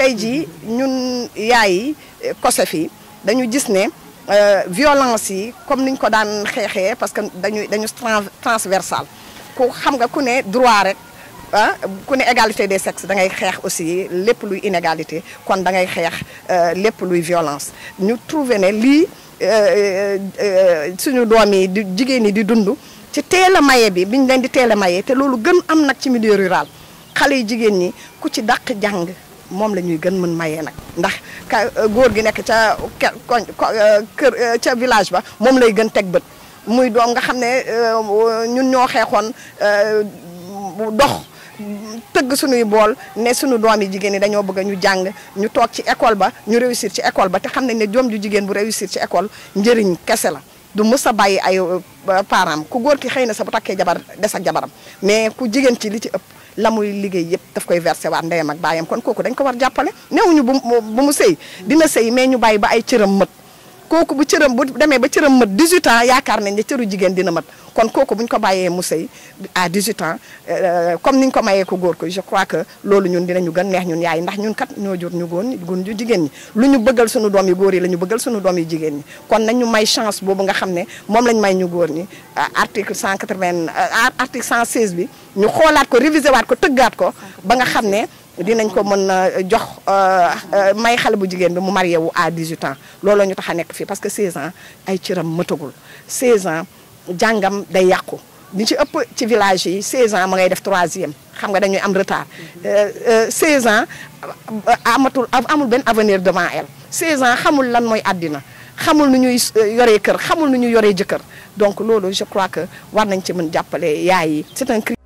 tey jii ñun yaay yi COSEF yi dañu gis ne euh, violence yi comme niñ ko daan xeexee parce que dañuy dañu transversal ku xam nga ku ne droit rek ah ku ne égalité des sex da ngay xeex aussi lépp luy inégalité kon da ngay xeex euh, lépp luy violence ñu trouvé ne lii euh, suñu doom yi di jigéen ñi di dund ci teel a maye bi biñ leen di teel a maye te loolu gën am nag ci milieu rural xale yi jigéen ñi ku ci daq jàng moom la ñuy gën mën mayee nag ndax ka euh, góor gi nekk ca koñ euh, kër euh, ca village ba moom lay gën teg bët muy doom nga xam ne ñun ñoo xeexoon dox tëgg suñuy bool ne suñu doom yi jigéen ñi dañoo bëgg ñu jàng ñu toog ci école ba ñu réussir ci école ba te xam nañ ne jom ju jigéen bu réussir ci école njëriñ kese la du mës a bàyyi ay parents ku góor ki xëy na sa bu takkee jabar des ak jabaram mais ku jigéen ci li ci ëpp la muy liggéey yëpp daf koy versé waat ndeyam ak baayam ko kooku dañ ko war jàppale néewuñu bu mu bu mu sëy dina sëy mais ñu bàyyi ba ay cëram mët kooku bu cëram bu demee ba cëram mat 18 ans yaakaar nañ ne cëru jigéen dina mat kon kooku bu ñu ko bàyyee mu sëy à 18 ans euh, comme ni ñu ko mayee ko góor ko je crois que loolu ñun dinañu gën neex ñun yaay ndax ñun kat ñoo jur ñu góor gun ñu jigéen ñi lu ñu bëggal suñu doom yi góor yi la ñu bëggal suñu doom yi jigéen ñi kon nañu may chance boobu nga xam ne moom lañ may ñu góor ñi euh, article 180 cent 116 euh, bi ñu xoolaat ko réviser waat ko tëggaat ko ba nga xam ne dinañ ko mën a jox euh, may xale bu jigéen bi mu marié wu à 18 ans looloo ñu tax a nekk fii parce que 16 ans ay ciram mëtagul 16 ans jàngam day yàqu ñi ci ëpp ci village yi 16 ans ma ngay def troisième xam nga dañuy am retard 16 euh, euh, ans amatul amul benn avenir devant elle 16 ans xamul lan mooy àddina xamul nu ñuy yoree kër xamul nu ñuy yore jëkkër donc loolu je crois que war nañ ci mën jàppale yaay yi